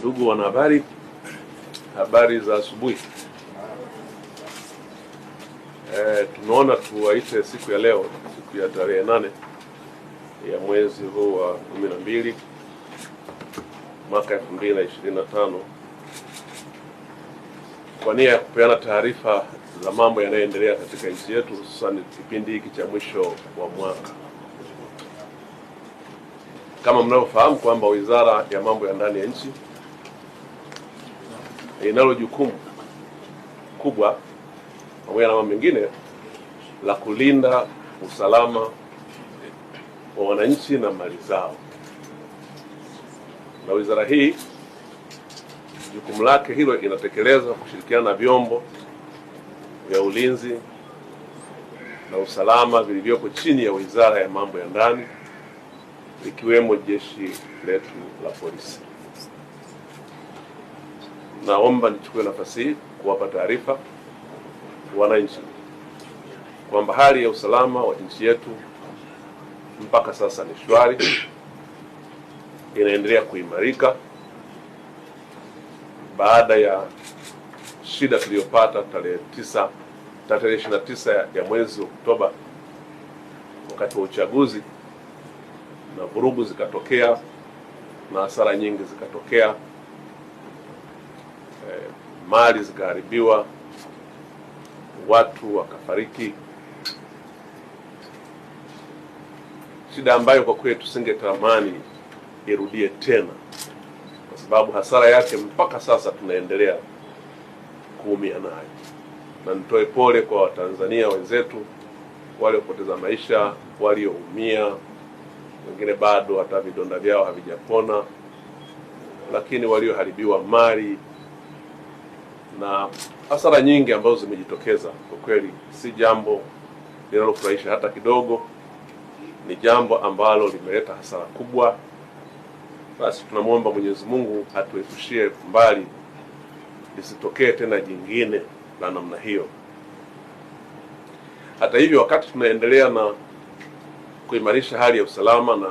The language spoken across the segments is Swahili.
Ndugu wanahabari, habari za asubuhi. E, eh, tumeona tuwaite siku ya leo, siku ya tarehe nane ya mwezi huu wa kumi na mbili mwaka elfu mbili na ishirini na tano kwa nia ya kupeana taarifa za mambo yanayoendelea katika nchi yetu, hususan kipindi hiki cha mwisho wa mwaka kama mnavyofahamu kwamba Wizara ya Mambo ya Ndani ya Nchi inalo jukumu kubwa pamoja na mambo mengine la kulinda usalama wa wananchi na mali zao, na wizara hii jukumu lake hilo inatekelezwa kushirikiana na vyombo vya ulinzi na usalama vilivyopo chini ya Wizara ya Mambo ya Ndani, ikiwemo jeshi letu la polisi. Naomba nichukue nafasi hii kuwapa taarifa wananchi kwamba hali ya usalama wa nchi yetu mpaka sasa ni shwari, inaendelea kuimarika baada ya shida tuliyopata tarehe tisa tarehe ishirini na tisa ya mwezi Oktoba wakati wa uchaguzi, na vurugu zikatokea na hasara nyingi zikatokea mali zikaharibiwa, watu wakafariki, shida ambayo kwa kweli tusingetamani irudie tena, kwa sababu hasara yake mpaka sasa tunaendelea kuumia nayo. Na nitoe pole kwa Watanzania wenzetu waliopoteza maisha, walioumia, wengine bado hata vidonda vyao havijapona, lakini walioharibiwa mali na hasara nyingi ambazo zimejitokeza kwa kweli si jambo linalofurahisha hata kidogo. Ni jambo ambalo limeleta hasara kubwa. Basi tunamwomba Mwenyezi Mungu atuepushie mbali, lisitokee tena jingine la namna hiyo. Hata hivyo, wakati tunaendelea na kuimarisha hali ya usalama na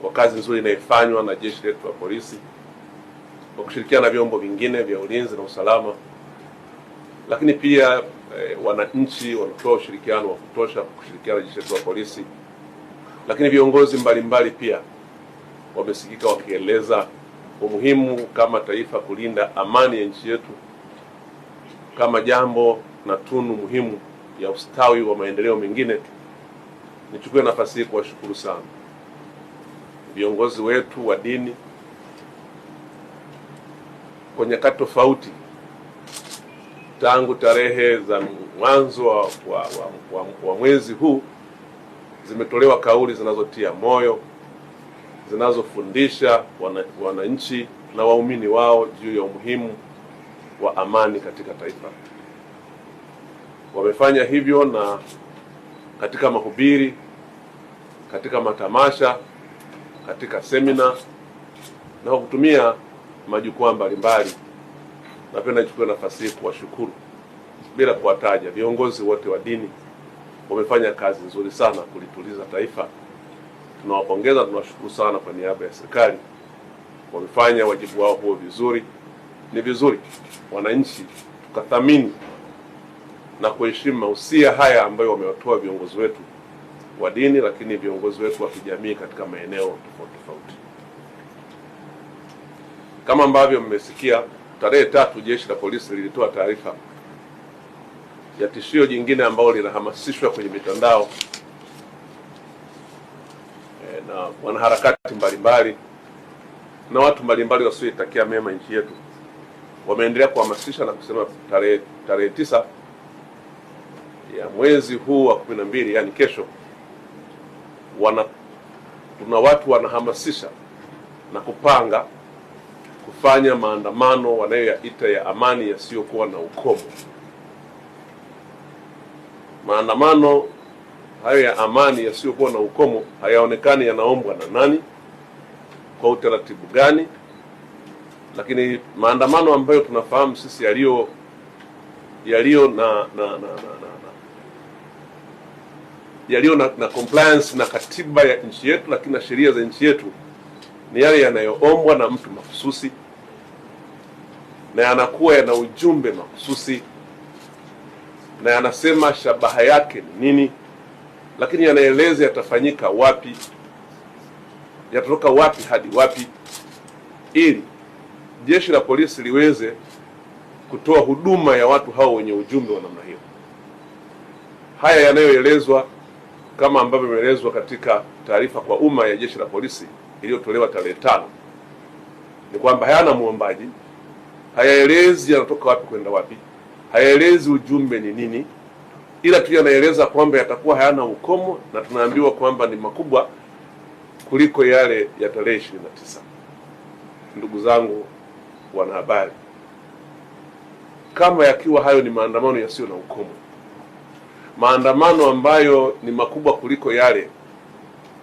kwa kazi nzuri inayofanywa na jeshi letu la polisi kwa kushirikiana na vyombo vingine vya ulinzi na usalama, lakini pia e, wananchi wanatoa ushirikiano wa kutosha kwa kushirikiana na jeshi letu la polisi, lakini viongozi mbalimbali pia wamesikika wakieleza umuhimu kama taifa kulinda amani ya nchi yetu kama jambo na tunu muhimu ya ustawi wa maendeleo mengine. Nichukue nafasi hii kuwashukuru sana viongozi wetu wa dini kwa nyakati tofauti tangu tarehe za mwanzo wa, wa, wa, wa mwezi huu zimetolewa kauli zinazotia moyo zinazofundisha wananchi na waumini wao juu ya umuhimu wa amani katika taifa. Wamefanya hivyo na katika mahubiri, katika matamasha, katika semina na kwa kutumia majukwaa mbalimbali. Napenda nichukue nafasi hii kuwashukuru bila kuwataja viongozi wote wa dini, wamefanya kazi nzuri sana kulituliza taifa. Tunawapongeza, tunawashukuru sana kwa niaba ya serikali, wamefanya wajibu wao huo vizuri. Ni vizuri wananchi tukathamini na kuheshimu mahusia haya ambayo wamewatoa viongozi wetu wa dini, lakini viongozi wetu wa kijamii katika maeneo tofauti tofauti. Kama ambavyo mmesikia, tarehe tatu jeshi la polisi lilitoa taarifa ya tishio jingine ambalo linahamasishwa kwenye mitandao e, na wanaharakati mbalimbali na watu mbalimbali wasioitakia mema nchi yetu wameendelea kuhamasisha na kusema tarehe tarehe tisa ya mwezi huu wa kumi na mbili yani kesho wana, tuna watu wanahamasisha na kupanga kufanya maandamano wanayoyaita ya amani yasiyokuwa na ukomo. Maandamano hayo ya amani yasiyokuwa na ukomo hayaonekani yanaombwa na nani, kwa utaratibu gani, lakini maandamano ambayo tunafahamu sisi yaliyo yaliyo na na, na, na, na, yaliyo na, na compliance na katiba ya nchi yetu, lakini na sheria za nchi yetu ni yale yanayoombwa na mtu mahususi na yanakuwa yana ujumbe mahususi na yanasema shabaha yake ni nini, lakini yanaeleza yatafanyika wapi, yatatoka wapi hadi wapi, ili jeshi la polisi liweze kutoa huduma ya watu hao wenye ujumbe wa namna hiyo. Haya yanayoelezwa kama ambavyo imeelezwa katika taarifa kwa umma ya jeshi la polisi iliyotolewa tarehe tano ni kwamba hayana muombaji, hayaelezi yanatoka wapi kwenda wapi, hayaelezi ujumbe ni nini, ila tu yanaeleza kwamba yatakuwa hayana ukomo na tunaambiwa kwamba ni makubwa kuliko yale ya tarehe ishirini na tisa. Ndugu zangu wanahabari, kama yakiwa hayo ni maandamano yasiyo na ukomo, maandamano ambayo ni makubwa kuliko yale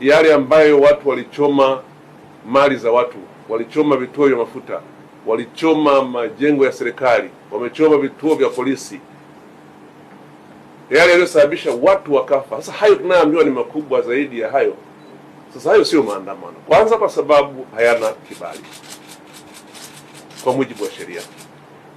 yale ambayo watu walichoma mali za watu, walichoma vituo vya mafuta, walichoma majengo ya serikali, wamechoma vituo vya polisi, yale yaliyosababisha watu wakafa. Sasa hayo tunayoambiwa ni makubwa zaidi ya hayo. Sasa hayo sio maandamano, kwanza kwa sababu hayana kibali kwa mujibu wa sheria,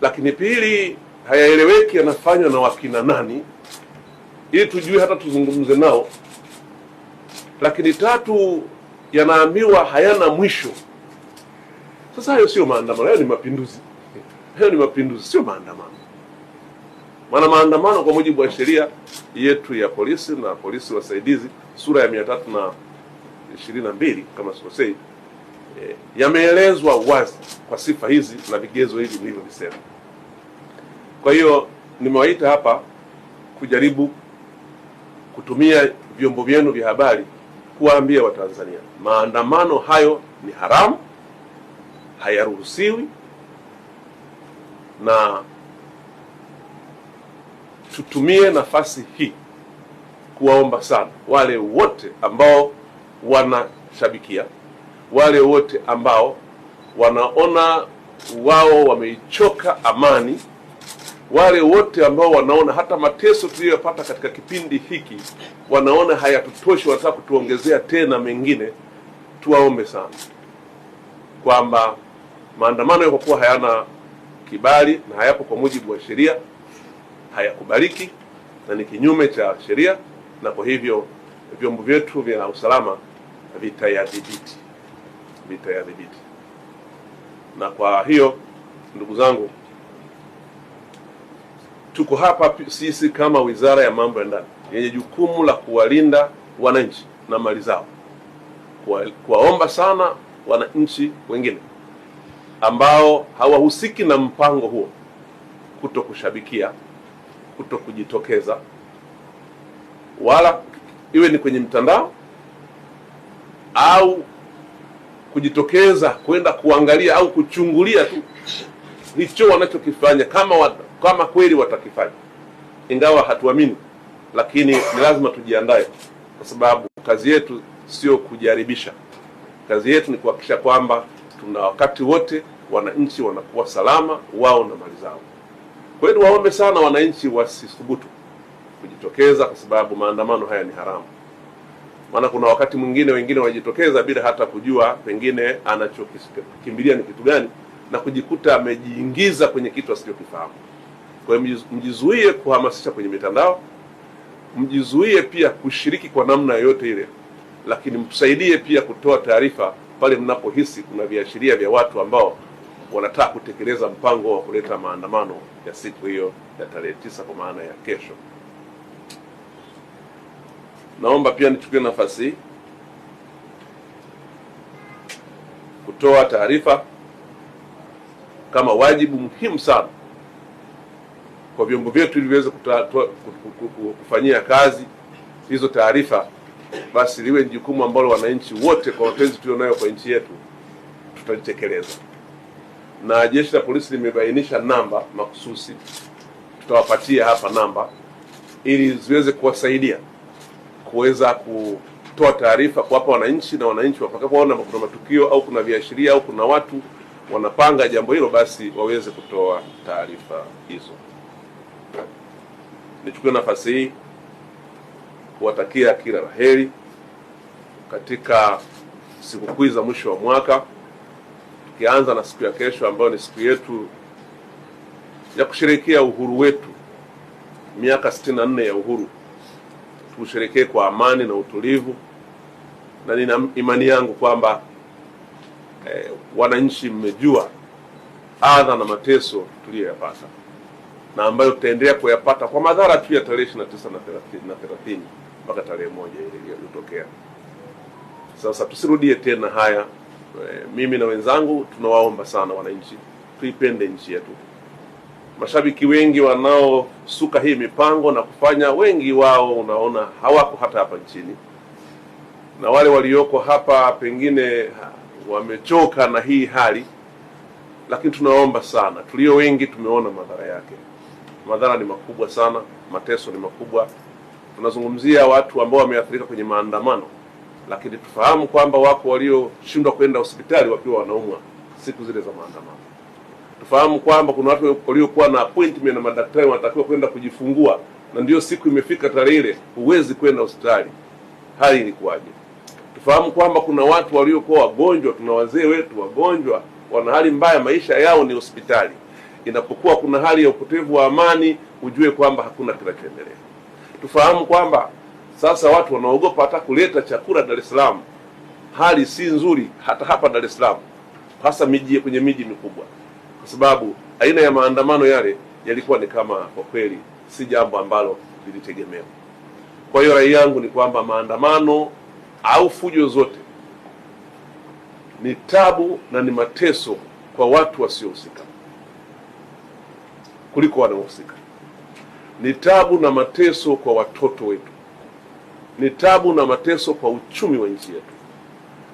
lakini pili, hayaeleweki yanafanywa na wakina nani, ili tujue hata tuzungumze nao lakini tatu yanaamiwa hayana mwisho. Sasa hayo sio maandamano, hayo ni mapinduzi, hayo ni mapinduzi, sio maandamano. Maana maandamano kwa mujibu wa sheria yetu ya polisi na polisi wasaidizi sura ya mia tatu na ishirini na mbili kama sikosei, e, yameelezwa wazi kwa sifa hizi na vigezo hivi nilivyovisema. Kwa hiyo nimewaita hapa kujaribu kutumia vyombo vyenu vya habari kuwaambia Watanzania maandamano hayo ni haramu, hayaruhusiwi na tutumie nafasi hii kuwaomba sana wale wote ambao wanashabikia, wale wote ambao wanaona wao wameichoka amani wale wote ambao wanaona hata mateso tuliyopata katika kipindi hiki wanaona hayatutoshi, wanataka kutuongezea tena mengine, tuwaombe sana kwamba maandamano yako kuwa hayana kibali na hayapo kwa mujibu wa sheria, hayakubaliki na ni kinyume cha sheria, na kwa hivyo vyombo vyetu vya usalama vitayadhibiti, vitayadhibiti. Na kwa hiyo ndugu zangu tuko hapa sisi kama Wizara ya Mambo ya Ndani yenye jukumu la kuwalinda wananchi na mali zao, kuwaomba sana wananchi wengine ambao hawahusiki na mpango huo kuto kushabikia, kuto kujitokeza, wala iwe ni kwenye mtandao au kujitokeza kwenda kuangalia au kuchungulia tu hicho wanachokifanya kama watu kama kweli watakifanya, ingawa hatuamini, lakini ni lazima tujiandae, kwa sababu kazi yetu sio kujaribisha. Kazi yetu ni kuhakikisha kwamba tuna wakati wote wananchi wanakuwa salama, wao na mali zao. Kwa hiyo waombe sana wananchi wasithubutu kujitokeza, kwa sababu maandamano haya ni haramu. Maana kuna wakati mwingine wengine wanajitokeza bila hata kujua pengine anachokimbilia ni kitu gani, na kujikuta amejiingiza kwenye kitu asichokifahamu. Kwa hiyo mjizuie kuhamasisha kwenye mitandao, mjizuie pia kushiriki kwa namna yoyote ile, lakini msaidie pia kutoa taarifa pale mnapohisi kuna viashiria vya watu ambao wanataka kutekeleza mpango wa kuleta maandamano ya siku hiyo ya tarehe tisa kwa maana ya kesho. Naomba pia nichukue nafasi hii kutoa taarifa kama wajibu muhimu sana kwa vyombo vyetu ili viweze kufanyia kazi hizo taarifa, basi liwe ni jukumu ambalo wananchi wote kwa mapenzi tulionayo kwa nchi yetu tutalitekeleza. Na jeshi la polisi limebainisha namba makususi, tutawapatia hapa namba ili ziweze kuwasaidia kuweza kutoa taarifa kuwapa wananchi, na wananchi watakapoona kuna matukio au kuna viashiria au kuna watu wanapanga jambo hilo, basi waweze kutoa taarifa hizo. Nichukue nafasi hii kuwatakia kila la heri katika sikukuu za mwisho wa mwaka, tukianza na siku ya kesho ambayo ni siku yetu ya kusherekea uhuru wetu, miaka sitini na nne ya uhuru. tuusherekee kwa amani na utulivu, na nina imani yangu kwamba eh, wananchi mmejua adha na mateso tuliyoyapata na ambayo tutaendelea kuyapata kwa madhara tu ya tarehe ishirini na tisa na thelathini mpaka tarehe moja iliyotokea. Sasa tusirudie tena haya. E, mimi na wenzangu tunawaomba sana wananchi, tuipende nchi yetu. Mashabiki wengi wanaosuka hii mipango na kufanya, wengi wao unaona hawako hata hapa nchini, na wale walioko hapa pengine wamechoka na hii hali, lakini tunaomba sana, tulio wengi tumeona madhara yake madhara ni makubwa sana, mateso ni makubwa. Tunazungumzia watu ambao wameathirika kwenye maandamano, lakini tufahamu kwamba wako walioshindwa kwenda hospitali wakiwa wanaumwa siku zile za maandamano. Tufahamu kwamba kuna watu waliokuwa na appointment na madaktari wanatakiwa kwenda kujifungua, na ndiyo siku imefika tarehe ile, huwezi kwenda hospitali. Hali ilikuwaje? Tufahamu kwamba kuna watu waliokuwa wagonjwa, tuna wazee wetu wagonjwa, wana hali mbaya, maisha yao ni hospitali inapokuwa kuna hali ya upotevu wa amani, ujue kwamba hakuna kinachoendelea. Tufahamu kwamba sasa watu wanaogopa hata kuleta chakula Dar es Salaam. Hali si nzuri hata hapa Dar es Salaam, hasa miji kwenye miji mikubwa, kwa sababu aina ya maandamano yale yalikuwa ni kama kwa kweli si jambo ambalo lilitegemewa. Kwa hiyo rai yangu ni kwamba maandamano au fujo zote ni tabu na ni mateso kwa watu wasiohusika kuliko wanaohusika. Ni tabu na mateso kwa watoto wetu, ni tabu na mateso kwa uchumi wa nchi yetu,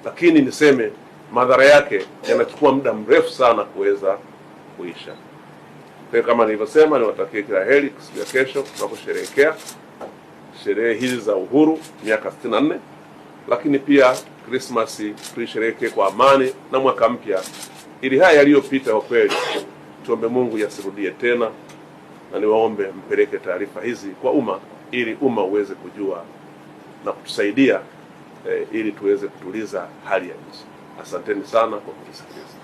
lakini niseme madhara yake yanachukua muda mrefu sana kuweza kuisha. Kwa kama nilivyosema, niwatakie kila heri siku ya kesho tunaposherehekea sherehe hizi za uhuru miaka 64, lakini pia Krismasi tuisherehekee kwa amani na mwaka mpya, ili haya yaliyopita kwa kweli tuombe Mungu yasirudie tena, na niwaombe mpeleke taarifa hizi kwa umma ili umma uweze kujua na kutusaidia eh, ili tuweze kutuliza hali ya nchi. Asanteni sana kwa kutusikiliza.